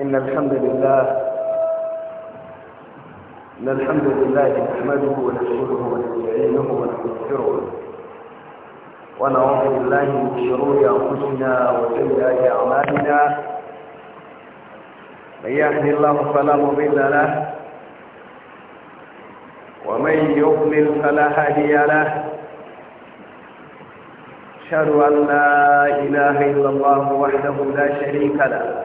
إن الحمد لله إن الحمد لله نحمده ونشكره ونستعينه ونستغفره ونعوذ بالله من شرور أنفسنا وسيئات أعمالنا من يهد الله فلا مضل له ومن يضلل فلا هادي له أشهد أن لا إله إلا الله وحده لا شريك له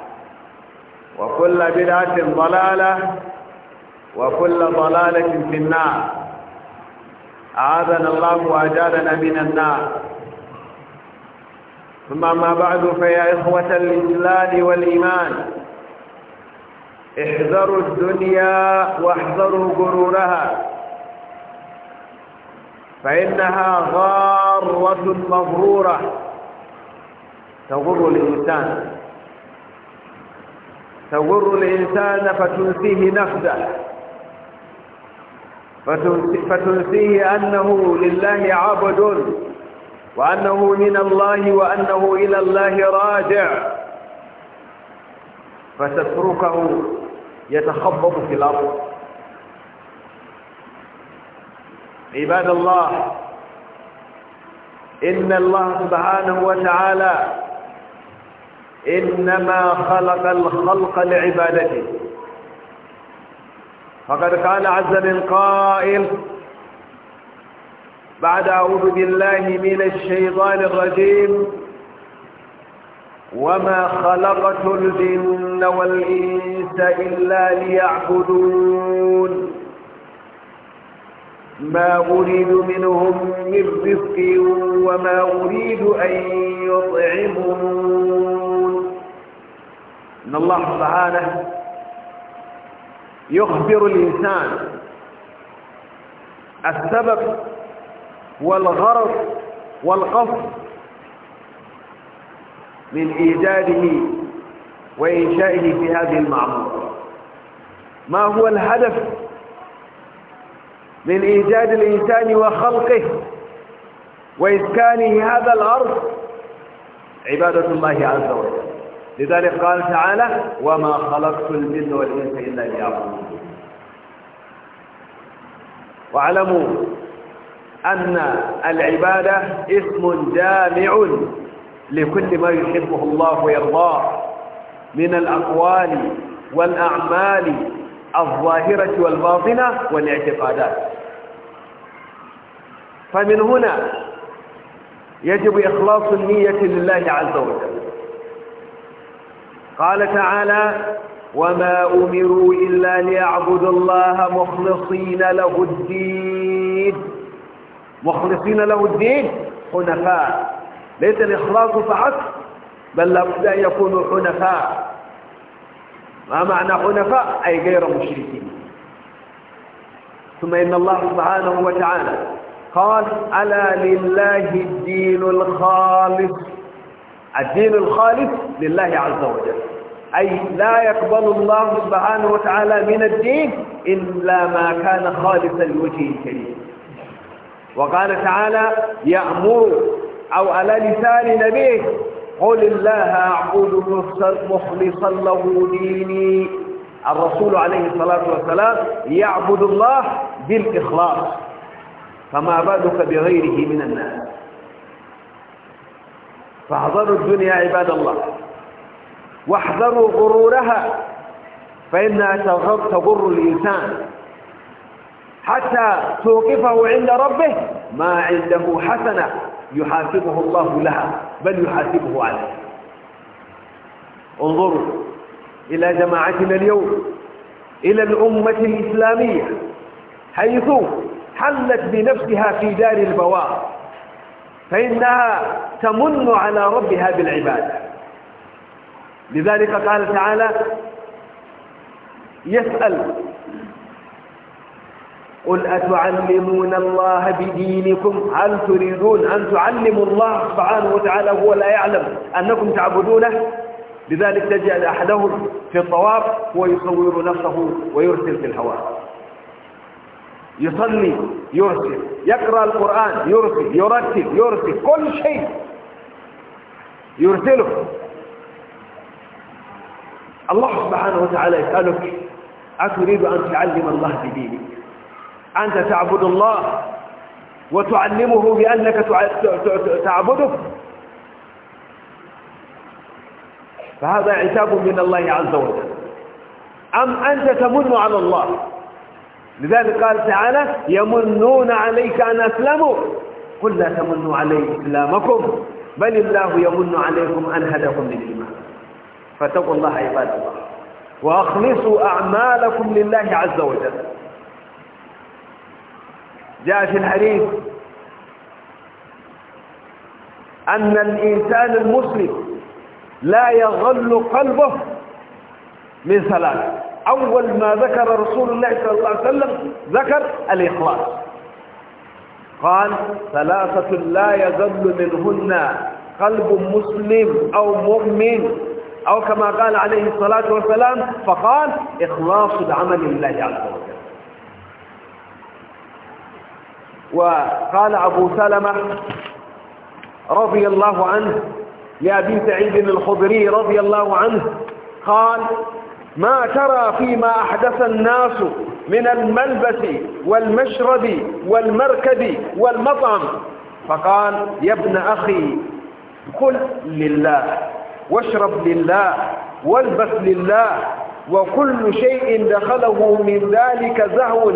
وكل بدعة ضلالة وكل ضلالة في النار أعاذنا الله وأجادنا من النار ثم ما بعد فيا إخوة الإسلام والإيمان احذروا الدنيا واحذروا غرورها فإنها غارة مغرورة تغر الإنسان تغر الإنسان فتنسيه نفسه فتنسيه أنه لله عبد وأنه من الله وأنه إلى الله راجع فتتركه يتخبط في الأرض عباد الله إن الله سبحانه وتعالى إنما خلق الخلق لعبادته فقد قال عز من قائل بعد أعوذ بالله من الشيطان الرجيم وما خلقت الجن والإنس إلا ليعبدون ما أريد منهم من رزق وما أريد أن يطعمون أن الله تعالى يخبر الإنسان السبب والغرض والقصد من إيجاده وإنشائه في هذه المعمورة ما هو الهدف من إيجاد الإنسان وخلقه وإسكانه هذا الأرض عبادة الله عز وجل لذلك قال تعالى وما خلقت الجن والإنس إلا ليعبدون واعلموا أن العبادة اسم جامع لكل ما يحبه الله ويرضاه من الأقوال والأعمال الظاهرة والباطنة والاعتقادات فمن هنا يجب إخلاص النية لله عز وجل قال تعالى وما أمروا إلا ليعبدوا الله مخلصين له الدين مخلصين له الدين حنفاء ليس الإخلاص فحسب بل لابد أن يكونوا حنفاء ما معنى حنفاء أي غير مشركين ثم إن الله سبحانه وتعالى قال ألا لله الدين الخالص الدين الخالص لله عز وجل أي لا يقبل الله سبحانه وتعالى من الدين إلا ما كان خالصا لوجهه الكريم وقال تعالى يأمر أو على لسان نبيه قل الله أعبد مخلصا له ديني الرسول عليه الصلاة والسلام يعبد الله بالإخلاص فما بالك بغيره من الناس فاحذروا الدنيا عباد الله واحذروا غرورها فإنها تغر الإنسان حتى توقفه عند ربه ما عنده حسنة يحاسبه الله لها بل يحاسبه عليها انظروا إلى جماعتنا اليوم إلى الأمة الإسلامية حيث حلت بنفسها في دار البوار فإنها تمن على ربها بالعبادة لذلك قال تعالى يسأل قل أتعلمون الله بدينكم هل تريدون أن تعلموا الله سبحانه وتعالى هو لا يعلم أنكم تعبدونه لذلك تجعل أحدهم في الطواف ويصور نفسه ويرسل في الهواء يصلي يرسل يقرأ القرآن يرسل يرتب يرسل كل شيء يرسله الله سبحانه وتعالى يسألك أتريد أن تعلم الله بدينك أنت تعبد الله وتعلمه بأنك تعبده فهذا عتاب من الله عز وجل أم أنت تمن على الله لذلك قال تعالى يمنون عليك أن أسلموا قل لا تمنوا علي إسلامكم بل الله يمن عليكم أن هدكم للإيمان فاتقوا الله عباد الله وأخلصوا أعمالكم لله عز وجل جاء في الحديث أن الإنسان المسلم لا يغل قلبه من ثلاث أول ما ذكر رسول الله صلى الله عليه وسلم ذكر الإخلاص قال ثلاثة لا يغل منهن قلب مسلم أو مؤمن أو كما قال عليه الصلاة والسلام فقال إخلاص العمل لله عز وجل وقال أبو سلمة رضي الله عنه لأبي سعيد الخضري رضي الله عنه قال ما ترى فيما أحدث الناس من الملبس والمشرب والمركب والمطعم فقال يا ابن أخي كل لله واشرب لله والبس لله وكل شيء دخله من ذلك زهو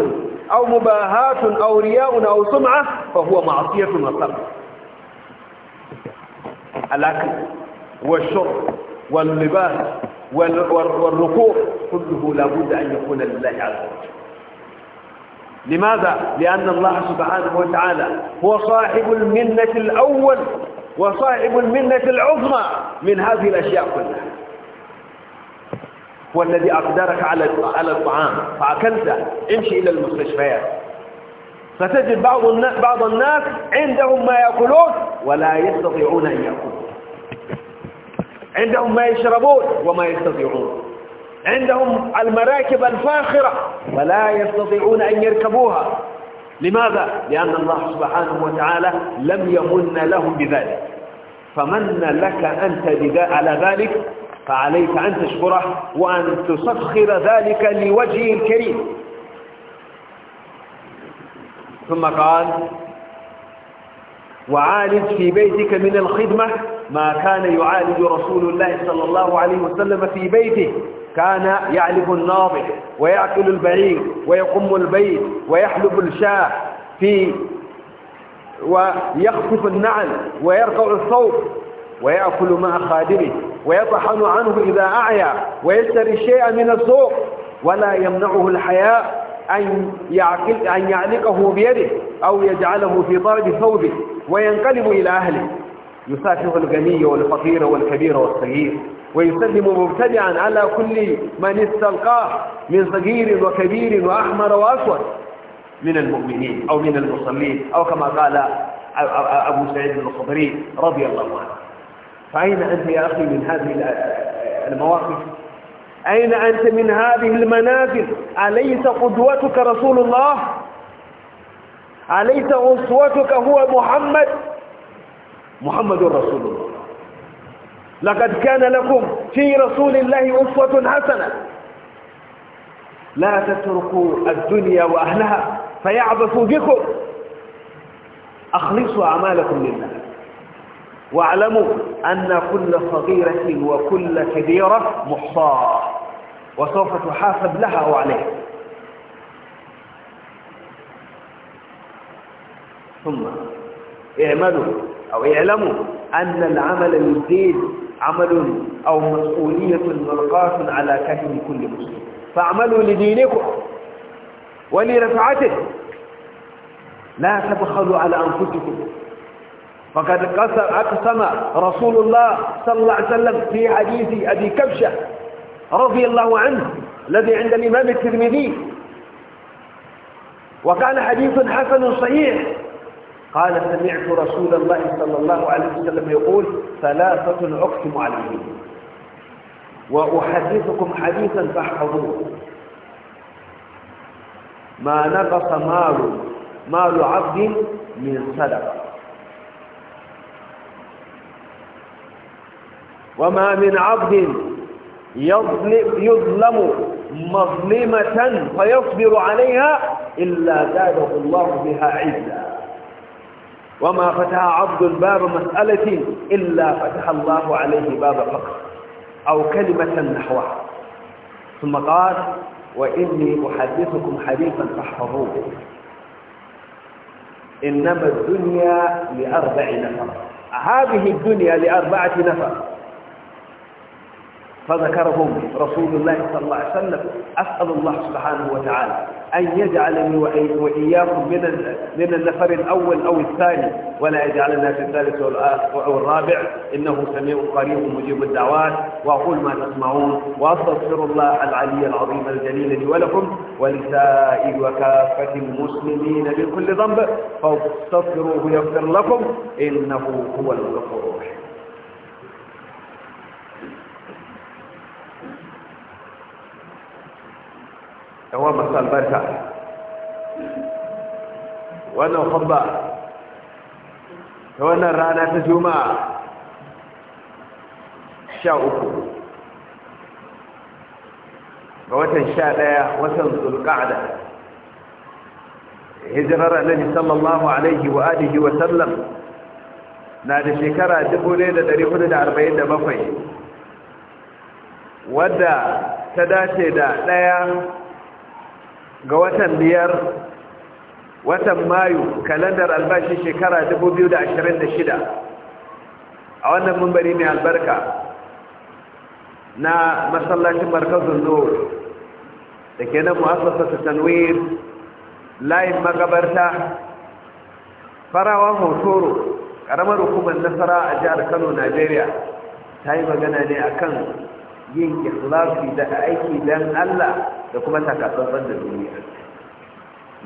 أو مباهاة أو رياء أو سمعة فهو معصية وصر الأكل والشرب واللباس والركوع كله لابد أن يكون لله عز وجل لماذا؟ لأن الله سبحانه وتعالى هو صاحب المنة الأول وصاحب المنة العظمى من هذه الأشياء كلها هو الذي أقدرك على الطعام فأكلته امشي إلى المستشفيات فتجد بعض الناس بعض الناس عندهم ما يأكلون ولا يستطيعون أن يأكلوا عندهم ما يشربون وما يستطيعون عندهم المراكب الفاخرة ولا يستطيعون أن يركبوها لماذا؟ لأن الله سبحانه وتعالى لم يمن لهم بذلك فمن لك أنت على ذلك فعليك أن تشكره وأن تسخر ذلك لوجهه الكريم ثم قال وعالج في بيتك من الخدمة ما كان يعالج رسول الله صلى الله عليه وسلم في بيته كان يعلف الناضح ويعقل البعير ويقم البيت ويحلب الشاه في ويخطف النعل ويرقع الصوت ويأكل مع خادمه ويطحن عنه إذا أعيا ويشتري شيئا من السوق ولا يمنعه الحياء أن, يعقل أن يعلقه بيده أو يجعله في طرد ثوبه وينقلب إلى أهله يسافر الغني والفقير والكبير والصغير ويسلم مبتدعا على كل من استلقاه من صغير وكبير وأحمر وأسود من المؤمنين أو من المصلين أو كما قال أبو سعيد الخضري رضي الله عنه فأين أنت يا أخي من هذه المواقف أين أنت من هذه المنازل أليس قدوتك رسول الله أليس أسوتك هو محمد محمد رسول الله لقد كان لكم في رسول الله أسوة حسنة لا تتركوا الدنيا وأهلها فيعبث بكم أخلصوا أعمالكم لله واعلموا أن كل صغيرة وكل كبيرة محصاة وسوف تحاسب لها أو عليها ثم اعملوا أو اعلموا أن العمل للدين عمل أو مسؤولية ملقاة على كتم كل مسلم فاعملوا لدينكم ولرفعته لا تبخلوا على أنفسكم فقد أقسم رسول الله صلى الله عليه وسلم في حديث أبي كبشة رضي الله عنه الذي عند الإمام الترمذي وكان حديث حسن صحيح قال سمعت رسول الله صلى الله عليه وسلم يقول ثلاثة أقسم عليهم وأحدثكم حديثا فاحفظوه ما نقص مال مال عبد من صدقه وما من عبد يظلم مظلمة فيصبر عليها إلا زاده الله بها عزا وما فتح عبد باب مسألة إلا فتح الله عليه باب فقر أو كلمة نحوها ثم قال وإني أحدثكم حديثا فاحفظوه إنما الدنيا لأربع نفر هذه الدنيا لأربعة نفر فذكرهم رسول الله صلى الله عليه وسلم أسأل الله سبحانه وتعالى أن يجعلني وإياكم من من النفر الأول أو الثاني ولا يجعلنا في الثالث أو الرابع إنه سميع قريب مجيب الدعوات وأقول ما تسمعون وأستغفر الله العلي العظيم الجليل لي ولكم ولسائر وكافة المسلمين من كل ذنب فاستغفروه يغفر لكم إنه هو الغفور الرحيم yawa masu albarka wannan kwamba ta wannan rana ta juma'a sha uku ga watan sha ɗaya watan zulƙa'ada hijirar annabi sallallahu alaihi wa alihi wa sallam na da shekara 1447 wadda ta dace da ɗaya ga watan biyar watan mayu kalandar albashi shekara 2026 a wannan mumbari mai albarka na masallacin markazin nor da ke nan mu'assasa tanwir layin magabarta farawa hotoro ƙaramar hukumar nasara a jihar kano najeriya ta yi magana ne akan yin ikhlasi da aiki dan Allah da kuma takatsantsan da duniya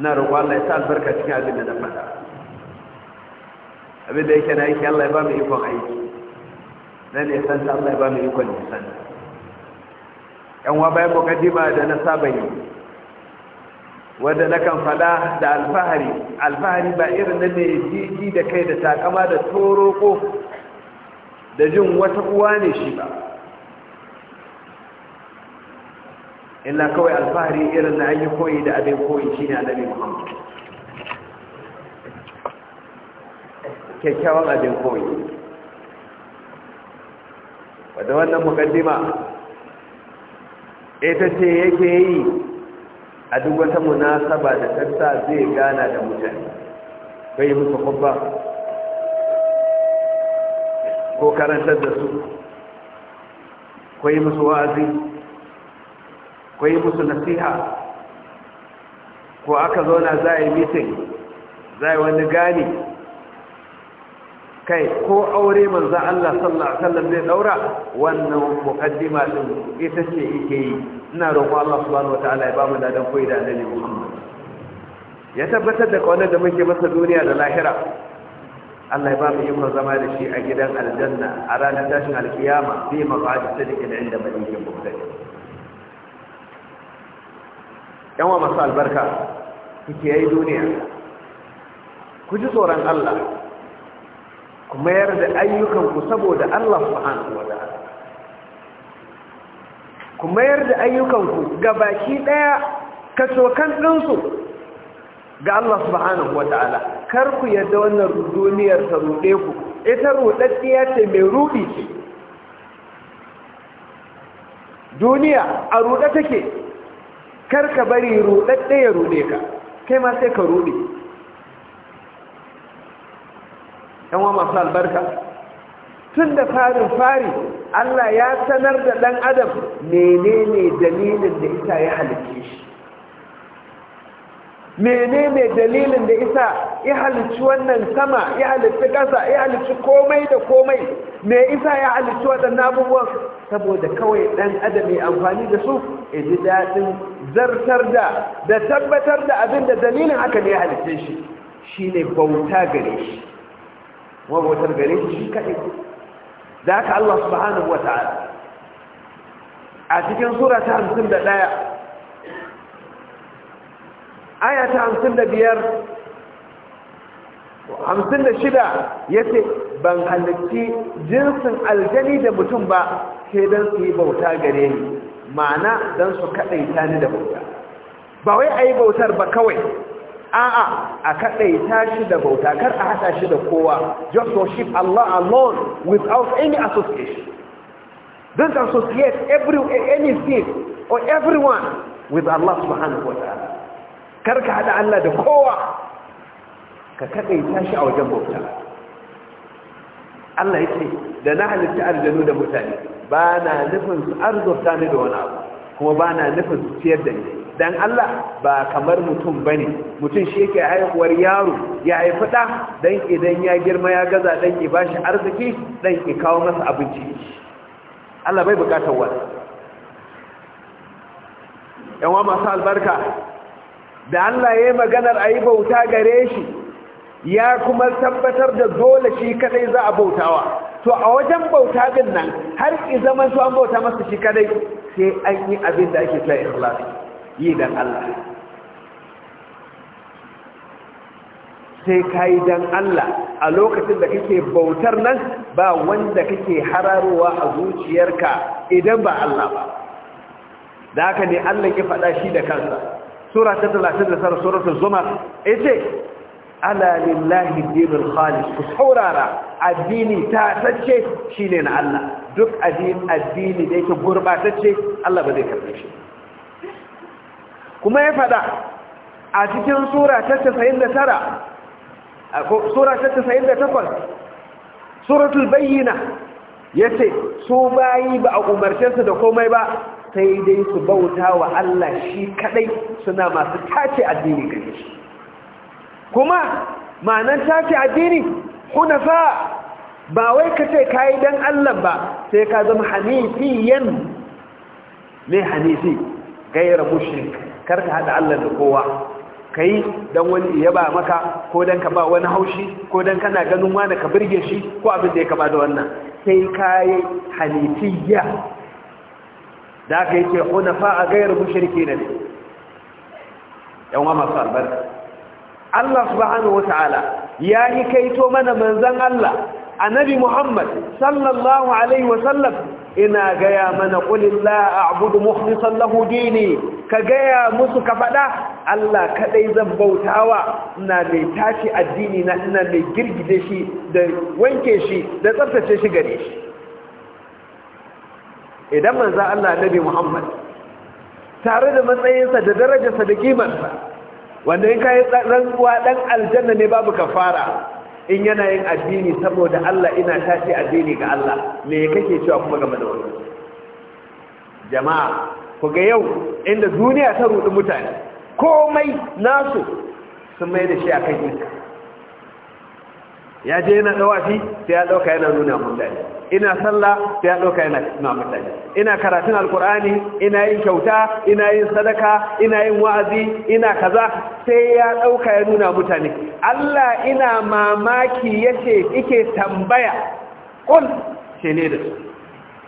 na roƙo Allah ya sa albarka cikin abin da na faɗa abin da yake na aiki Allah ya ba mu ikon aiki na ne san ta Allah ya ba mu ikon nisan yan wa bayan mukaddima da na saba yi wanda na kan faɗa da alfahari alfahari ba irin na ne jiji da kai da takama da toroko da jin wata uwa ne shi ba illa kawai alfahari irin na ayi koyi da abin koyi shine annabi muhammad kyakkyawan abin koyi wadda wannan mukaddima ita ce yake yi a duk wata munasaba da tassa zai gana da mutane bai musu kubba ko karantar da su ko musu wa'azi ko yi musu nasiha ko aka zauna za a yi mitin za a yi wani gani kai ko aure manzan Allah sallallahu Alaihi wasallam zai daura wannan mukaddima din ita ce ike yi ina roƙo Allah subhanahu wata'ala ya bamu ladan koyi da annabi Muhammad ya tabbatar da kaunar da muke masa duniya da lahira Allah ya ba mu ikon zama da shi a gidan aljanna a ranar tashin alkiyama bi maqadi sadiqin inda malikin mubtadi yanwa masu albarka suke yi duniya ku ji tsoron Allah ku mayar da ayyukanku saboda Allah subhanahu wa ku mayar da ayyukanku ga baki daya kan ɗinsu ga Allah subhanahu wa ta'ala kar ku yadda wannan duniyar ta rude ku ita ruɗaɗɗiya ce mai rubi ce duniya a ruɗe take kar ka bari ruɗaɗɗe ya ruɗe ka kai ma sai ka ruɗe yan wa masu albarka tun da farin fari Allah ya sanar da ɗan adam menene dalilin da isa ya halicce shi menene dalilin da isa ya halicci wannan sama ya halicci ƙasa ya halicci komai da komai me isa ya halicci waɗannan abubuwan saboda kawai ɗan adam ya amfani da su ya ji daɗin zartar da da tabbatar da abin da dalilin haka ne ya halitta shi shi ne bauta gare shi kuma bautar gare shi kaɗe? da haka Allah subhanahu wa ta'ala a cikin sura ta hamsin da ɗaya aya ta hamsin da biyar hamsin da shida ya ce ban halitti jinsin aljani da mutum ba sai don su yi bauta gare ni ma'ana don su kaɗaita ni da bauta ba wai a yi bautar ba kawai a'a a kaɗaita shi da bauta kar a haɗa shi da kowa just worship Allah alone without any association don't associate every anything or everyone with Allah subhanahu wa ta'ala kar ka haɗa Allah da kowa ka kaɗaita shi a wajen bauta Allah ya ce da na halitta aljanu da mutane ba na nufin su arzuta ni da wani abu kuma ba na nufin su ciyar da ni don Allah ba kamar mutum ba ne, mutum shi yake haihuwar yaro ya haifi ɗa don idan ya girma ya gaza don ke ba shi arziki don ke kawo masa abinci Allah bai bukatar wani yawa masu albarka da Allah ya yi maganar a yi bauta gare shi ya kuma tabbatar da dole shi kadai za a bautawa to a wajen bauta bin nan har ki zaman to an bauta masa shi kadai sai an yi abin da ake ta ikhlasi yi dan Allah sai kai dan Allah a lokacin da kake bautar nan ba wanda kake hararowa a zuciyarka idan ba Allah ba da haka ne Allah ya faɗa shi da kansa sura ta 39 suratul zumar yace ala lillahi dinul khalis ku saurara addini ta tace shine na Allah duk addini addini da yake gurbatacce Allah ba zai karbe shi kuma ya fada a cikin sura ta 99 ko sura ta 98 suratul bayyina yace su bayi ba a umarce da komai ba sai dai su bauta wa Allah shi kadai suna masu tace addini gare shi kuma ma'anar tafi addini hunafa ba wai ka ce ka yi don Allah ba sai ka zama hanifiyan mai hanifi gaira mushrik kar ka haɗa Allah da kowa ka yi don wani ya ba maka ko don ka ba wani haushi ko don kana ganin wani ka birge shi ko abin da ya kama da wannan sai ka yi hanifiya da aka yi ce hunafa a gaira mushriki na ne yan wa masu albarka Allah subhanahu ta'ala ya yi kaito mana manzan Allah annabi Muhammad sallallahu alaihi wasallam ina gaya mana qulil la a'budu mukhlishan lahu dini ka gaya musu ka faɗa? Allah kadai zan bautawa ina mai tashi addini na ina mai girgide shi da wanke shi da tsaftace shi gare shi idan manzan Allah annabi Muhammad tare da matsayinsa da darajarsa da kimarsa wanda in ka yi rantsuwa ɗan aljanna ne babu fara in yana yin addini saboda Allah ina tashi addini ga Allah me kake cewa kuma game da jama'a ku ga yau inda duniya ta rudi mutane komai nasu sun mai da shi akan yi ya je yana dawafi sai ya ɗauka yana nuna mutane ina sallah sai ya ɗauka yana na mutane ina karatun alkur'ani ina yin kyauta ina yin sadaka ina yin wa'azi ina kaza sai ya ɗauka ya nuna mutane Allah ina mamaki yace ike tambaya kul ce ne da su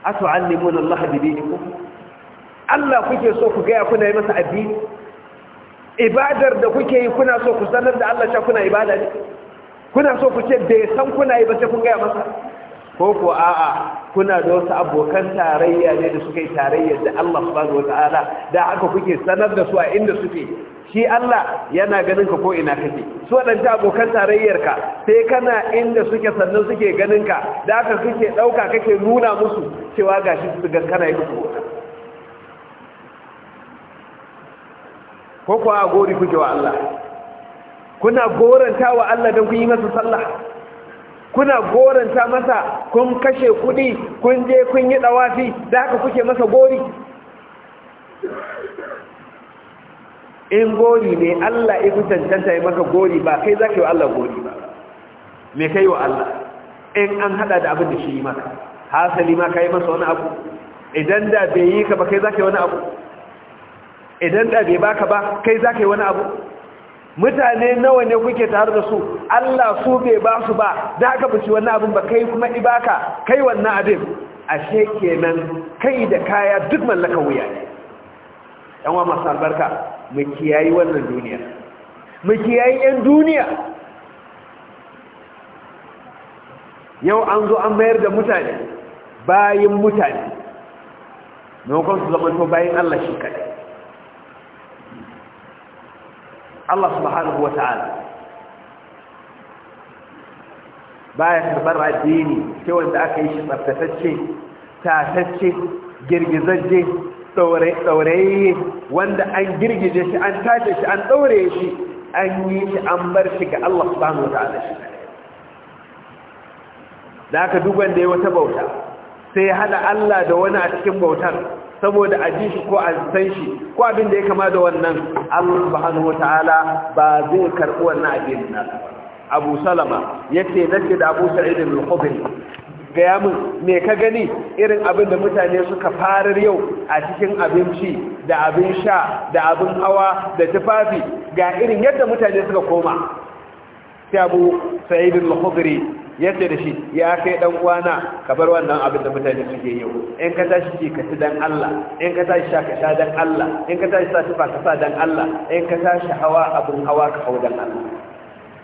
atu'allimuna Allah bidinikum Allah kuke so ku ga kuna yi masa addini ibadar da kuke yi kuna so ku sanar da Allah sha kuna ibada ne kuna so ku ce bai san kuna yi ba sai kun ga masa ko ko a'a kuna da wasu abokan tarayya ne da suka yi tarayya da Allah subhanahu wata'ala da haka kuke sanar da su a inda suke shi Allah yana ganin ka ko ina kake su wadanda abokan tarayyar ka sai kana inda suke sannan suke ganin ka da haka kake dauka kake nuna musu cewa gashi su ga kana yi musu wata ko ko a gori kuke wa Allah kuna goranta wa Allah don ku yi masa sallah kuna goranta masa kun kashe kuɗi kun je kun yi dawafi da haka kuke masa gori in gori ne Allah ya fi cancanta ya maka gori ba kai za ka yi wa Allah gori ba me kai wa Allah in an hada da abin da shi yi maka hasali ma ka yi masa wani abu idan da bai yi ka ba kai za ka yi wani abu idan da bai baka ba kai za ka yi wani abu mutane nawa ne kuke tare da su Allah su bai ba su ba da haka buci wani abin ba kai kuma ibaka kai wannan abin ashe kenan kai da kaya duk mallaka wuya ne yan masu albarka mu kiyayi wannan duniya mu kiyayi yan duniya yau an zo an mayar da mutane bayin mutane maimakon su zama to bayin Allah shi kadai Allah subhanahu ta'ala baya karbar addini sai wanda aka yi shi tsaftatacce tatacce girgizajje tsaurayi wanda an girgije shi an tace shi an ɗaure shi an yi shi an bar shi ga Allah subhanahu ta'ala shi da aka duk wanda ya wata bauta sai ya hada Allah da wani a cikin bautar saboda a ji shi ko a san shi ko abin da ya kama da wannan Allah subhanahu wataala ba zai karɓi wannan abin nan Abu Salama yace ce da Abu Sa'id al-Khudri gaya min me ka gani irin abin da mutane suka farar yau a cikin abinci da abin sha da abin hawa da tufafi ga irin yadda mutane suka koma sai Abu Sa'id al-Khudri ya da shi ya kai dan uwana ka bar wannan abin da mutane suke yau in ka tashi ki ka dan Allah in ka tashi ka sha dan Allah in ka tashi sa tufa ka sa dan Allah in ka tashi hawa abin hawa ka hau dan Allah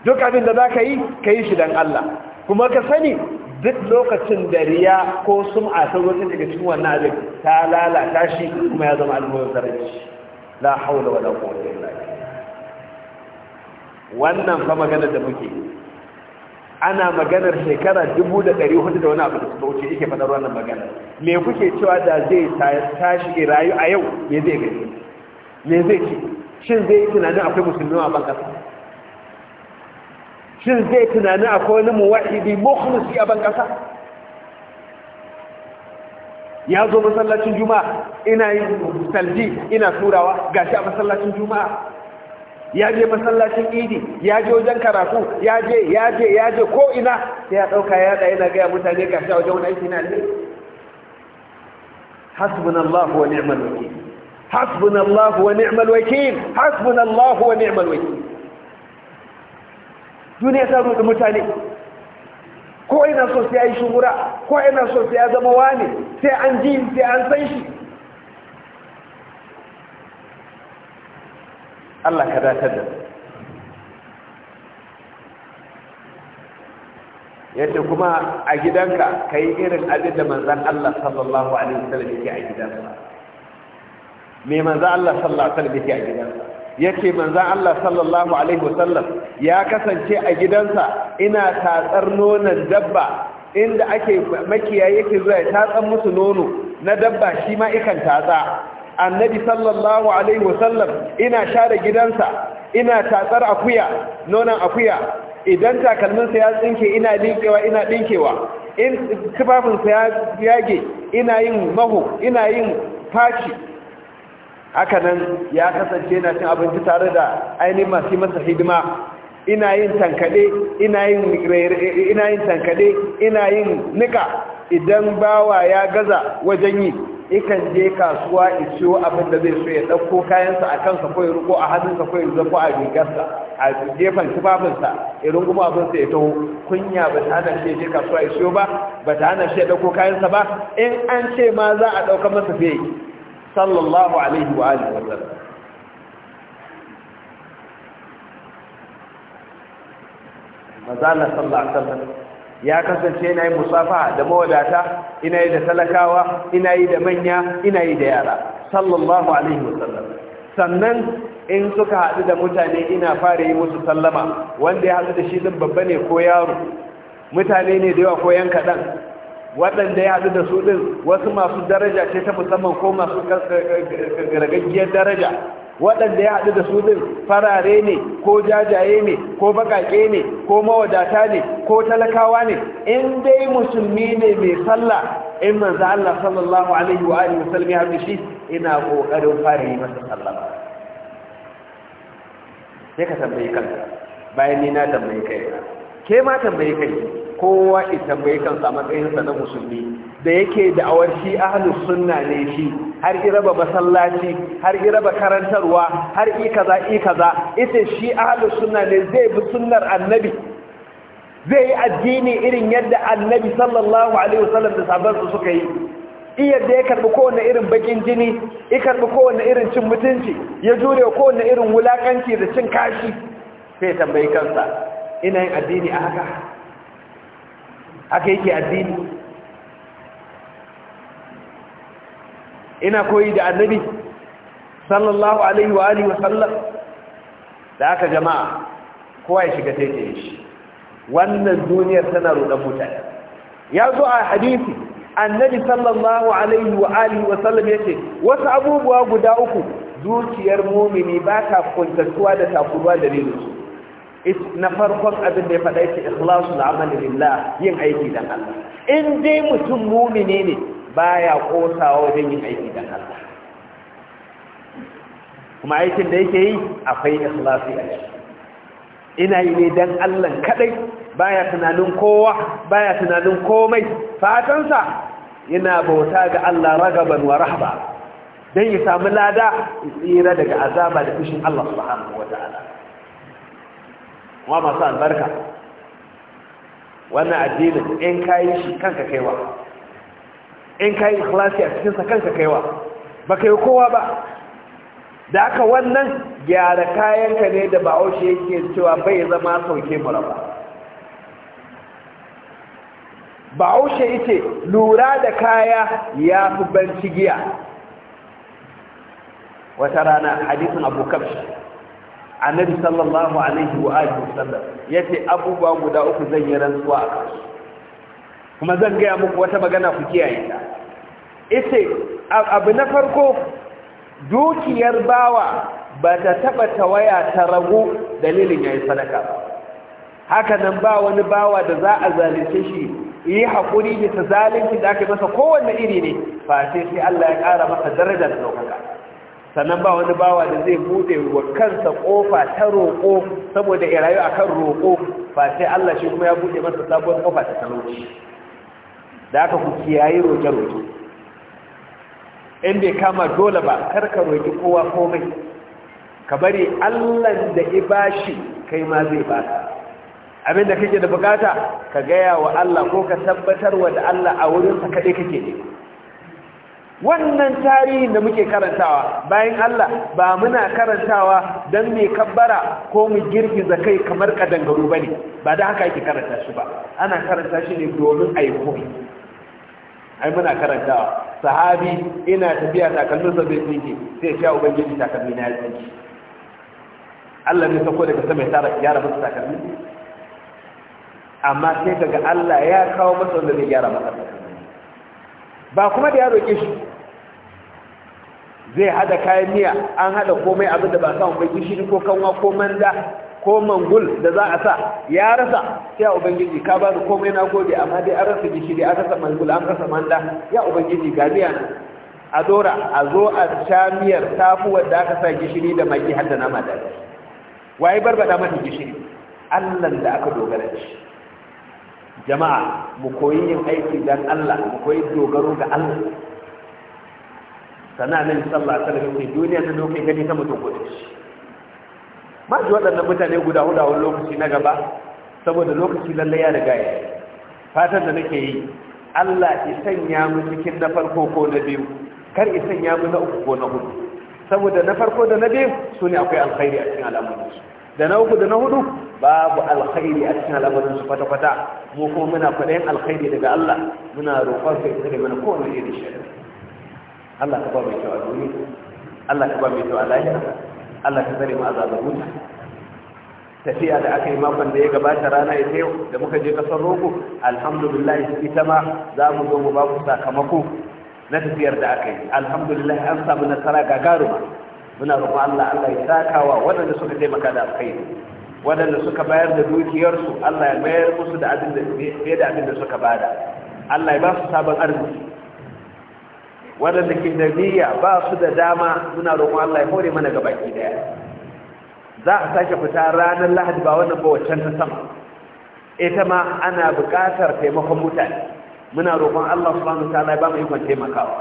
duk abin da zaka yi ka yi shi dan Allah kuma ka sani duk lokacin da riya ko sum'a ta zo daga cikin wannan abin ta lalata shi kuma ya zama almuwar zarafi la hawla wala quwwata illa billah wannan fa magana da muke ana maganar shekara dubu da ɗari hudu da wani abu da suka wuce yake faɗar wannan magana me kuke cewa da zai tashi rayu a yau me zai gani me zai ce shin zai yi tunanin akwai musulmi a ban shin zai tunanin akwai wani muwahidi mukhlisi a ban ya zo masallacin juma'a ina yin salji ina turawa gashi a masallacin juma'a ya je masallacin idi ya je wajen karatu ya je ya je ya je ko ina sai ya dauka ya da yana ga mutane ga shi wajen wani aiki na ne hasbunallahu wa ni'mal wakeel hasbunallahu wa ni'mal wakeel hasbunallahu wa ni'mal wakeel duniya ta rudu mutane ko ina so sai ya yi shugura ko ina so sai ya zama wani sai an ji sai an san shi Allah ka datar da yadda kuma a gidanka ka yi irin abin da manzan Allah sallallahu alaihi wasallam yake a gidansa me manzan Allah sallallahu alaihi wasallam yake a gidansa yake manzan Allah sallallahu alaihi wasallam ya kasance a gidansa ina tatsar nonon dabba inda ake makiyaye yake zuwa ya tatsan musu nono na dabba shi ma ikan tatsa annabi sallallahu alaihi wasallam ina share gidansa ina tatsar akuya nonon akuya idan takalminsa ya tsinke ina dinkewa ina dinkewa in tufafinsa ya yage ina yin maho ina yin faci hakanan ya kasance na cin abinci tare da ainihin masu masa hidima ina yin tankade ina yin ina ina yin nika idan bawa ya gaza wajen yi ikan je kasuwa isiyo abin da zai so ya ɗauko kayansa a kansa ko ya riko a hannunsa ko ya zafo a rigarsa a gefen tufafinsa ya abin abinsa ya taho kunya ba ta hana shi ya je kasuwa isiyo ba ba ta hana shi ya ɗauko kayansa ba in an ce ma za a ɗauka masa zai sallallahu alaihi wa alihi wa sallam na sallallahu alaihi wa sallam ya kasance ina yi musafa da mawadata ina yi da talakawa ina yi da manya ina yi da yara sallallahu alaihi wasallam sannan in suka haɗu da mutane ina fara yi musu sallama wanda ya haɗu da shi din babba ne ko yaro mutane ne da yawa ko yan kaɗan waɗanda ya haɗu da su ɗin wasu masu daraja ce ta musamman ko masu gargajiyar daraja waɗanda ya haɗu da su ɗin farare ne ko jajaye ne ko baƙaƙe ne ko mawadata ne ko talakawa ne in dai musulmi ne mai sallah in manzo Allah sallallahu alaihi wa alihi wasallam ya haɗu shi ina kokarin fara yi masa sallah sai ka tambayi kanka bayan ni na tambayi kai ke ma tambayi kai kowa ita bai kansa matsayinsa na musulmi da yake da'awar shi ahlus sunna ne shi har raba masallaci har raba karantarwa har i kaza i kaza ita shi ahlus sunna ne zai bi sunnar annabi zai yi addini irin yadda annabi sallallahu alaihi wasallam da su suka yi iya da ya karbi kowane irin bakin jini ya karbi kowane irin cin mutunci ya jure kowane irin wulakanci da cin kashi sai tambayi kansa ina yin addini a haka haka yake addini ina koyi da annabi sallallahu alaihi wa alihi wasallam da aka jama'a kowa ya shiga teke shi wannan duniyar tana roɗon mutane ya zo a hadisi annabi sallallahu alaihi wa alihi wasallam ya ce wasu abubuwa guda uku zuciyar mumini ba ta kuntattuwa da takuruwa da rilinsu na farkon abin da ya faɗa yake ikhlasu al'amali lillah yin aiki dan Allah in dai mutum mumini ne baya kosawa wajen yin aiki dan Allah kuma aikin da yake yi akwai ikhlasi a ciki ina yi ne dan Allah kadai baya tunanin kowa baya tunanin komai fatansa yana bauta ga Allah ragaban wa rahba dan ya samu lada ya tsira daga azaba da fushin Allah subhanahu wataala kuma masu albarka wannan addinin in ka yi shi kanka kaiwa in ka yi ikhlasi a cikinsa kanka kaiwa ba kai kowa ba da aka wannan gyara kayanka ne da bahaushe yake cewa bai zama sauke mura ba bahaushe ita lura da kaya ya fi banci giya wata rana hadisun abokan shi. annabi sallallahu alaihi wa alihi wasallam yace abubuwa guda uku zan yi rantsuwa a kansu kuma zan gaya muku wata magana ku kiyaye ta ite abu na farko dukiyar bawa ba ta taba tawaya ta ragu dalilin yayi sadaka ba haka nan ba wani bawa da za a zalunce shi yi hakuri ta zalunci da aka masa kowanne iri ne fa sai Allah ya ƙara masa darajar daukaka sannan ba wani bawa da zai bude wa kansa kofa ta roƙo saboda ya rayu akan roƙo ba sai Allah shi kuma ya bude masa sabuwar kofa ta talauci da aka ku kiyaye roƙe-roƙe in bai kama dole ba kar ka roƙi kowa komai ka bari Allah da ya kai ma zai baka da kake da bukata ka gaya wa Allah ko ka tabbatar wa da Allah a wurinsa kaɗai kake ne wannan tarihin da muke karantawa bayan Allah ba muna karantawa don mai kabbara ko mu girgiza kai kamar kadangaru ba ne ba da haka yake karanta shi ba ana karanta shi ne domin a yi ai muna karantawa sahabi ina tafiya takalminsa bai tsinke sai ya ubangiji takalmi na ya Allah ne sako daga sama ya tara gyara masa takalmi amma sai daga Allah ya kawo masa wanda zai gyara masa takalmi ba kuma da ya roƙe shi zai hada kayan miya an hada komai abin da ba samu bai gishiri ko kanwa ko manda ko mangul da za a sa ya rasa ya ubangiji ka bani komai na gobe amma dai an rasa gishiri an rasa mangul an rasa manda ya ubangiji ga miya a dora a zo a sha miyar tafi wadda aka sa gishiri da maki har da nama da waye barbada mata gishiri Allah da aka dogara shi jama'a mu koyi yin aiki dan Allah mu koyi dogaro ga Allah sana nan sallah ta da kai duniya ta dokai gani ta mutum gudu ba ji waɗannan mutane guda huda wani lokaci na gaba saboda lokaci lallai ya riga ya fatan da nake yi Allah ya sanya mu cikin na farko ko na biyu kar ya sanya mu na uku ko na hudu saboda na farko da na biyu su ne akwai alkhairi a cikin al'amuransu da na uku da na hudu babu alkhairi a cikin al'amuransu kwata-kwata mu kuma muna faɗin alkhairi daga Allah muna roƙon sai ta mana kowane irin shari'a Allah ka ba mai kyau a duniya Allah ka ba mai kyau a lahira Allah ka tsare mu azabar wuta tafiya da aka yi makon da ya gabata rana ya yau da muka je kasar rogo alhamdulillah ita ma za mu zo mu ba ku sakamako na tafiyar da aka yi alhamdulillah an samu nasara ga garuma. muna roƙon Allah Allah ya sakawa waɗanda suka taimaka da alkhairi waɗanda suka bayar da dukiyarsu Allah ya mayar musu da abin da fiye da abin da suka bada Allah ya ba su sabon arziki waɗanda ke da niyya ba su da dama muna roƙon Allah ya hore mana gaba ki daya za a sake fita ranar lahadi ba wannan ba waccan ta sama ita ma ana buƙatar taimakon mutane muna roƙon Allah subhanahu bamu ya ba mu ikon taimakawa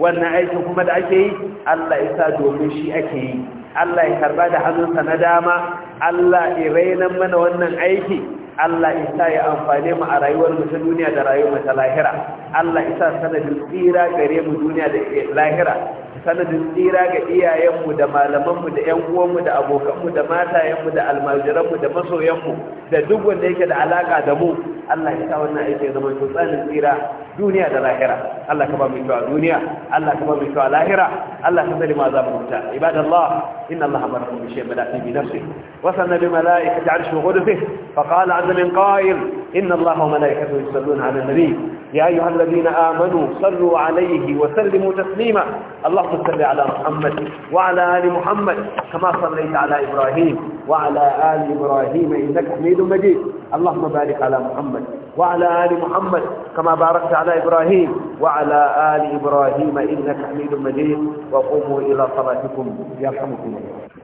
wannan aikin kuma da ake yi Allah ya sa domin shi ake yi Allah ya karba da hannunsa na dama Allah ya raina mana wannan aiki Allah isa ya amfane mu a rayuwar mu ta duniya da rayuwar mu ta lahira Allah isa sanadin tsira gare mu duniya da lahira sanadin tsira ga iyayenmu da malamanmu da ƴan uwanmu da abokanmu da matayenmu da almajiranmu da masoyanmu da duk wanda yake da alaka da mu Allah ya sa wannan aikin zama to tsanin tsira duniya da lahira Allah ka ba mu kyau a duniya Allah ka ba mu kyau a lahira Allah ka sani ma za mu huta ibadallah inna Allah amarakum bi shay'in bada bi nafsi wa sanna bi malaikati arshihi wa qudfihi fa qala azza min qa'il inna Allah wa malaikatahu yusalluna 'ala an-nabi يا أيها الذين آمنوا صلوا عليه وسلموا تسليما اللهم صل على محمد وعلى آل محمد كما صليت على إبراهيم وعلى آل إبراهيم إنك حميد مجيد اللهم بارك على محمد وعلى آل محمد كما باركت على إبراهيم وعلى آل إبراهيم إنك حميد مجيد وقوموا إلى صلاتكم يرحمكم الله